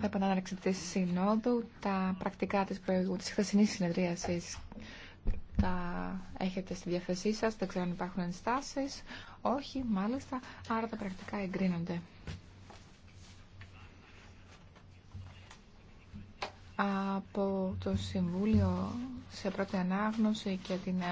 Επανάληψη τη Συνόδου, τα πρακτικά τη χθεσινή της χθεσινής τα έχετε στη διαθεσή σας, δεν ξέρω αν υπάρχουν ενστάσεις, όχι μάλιστα, άρα τα πρακτικά εγκρίνονται. Από το Συμβούλιο σε πρώτη ανάγνωση και την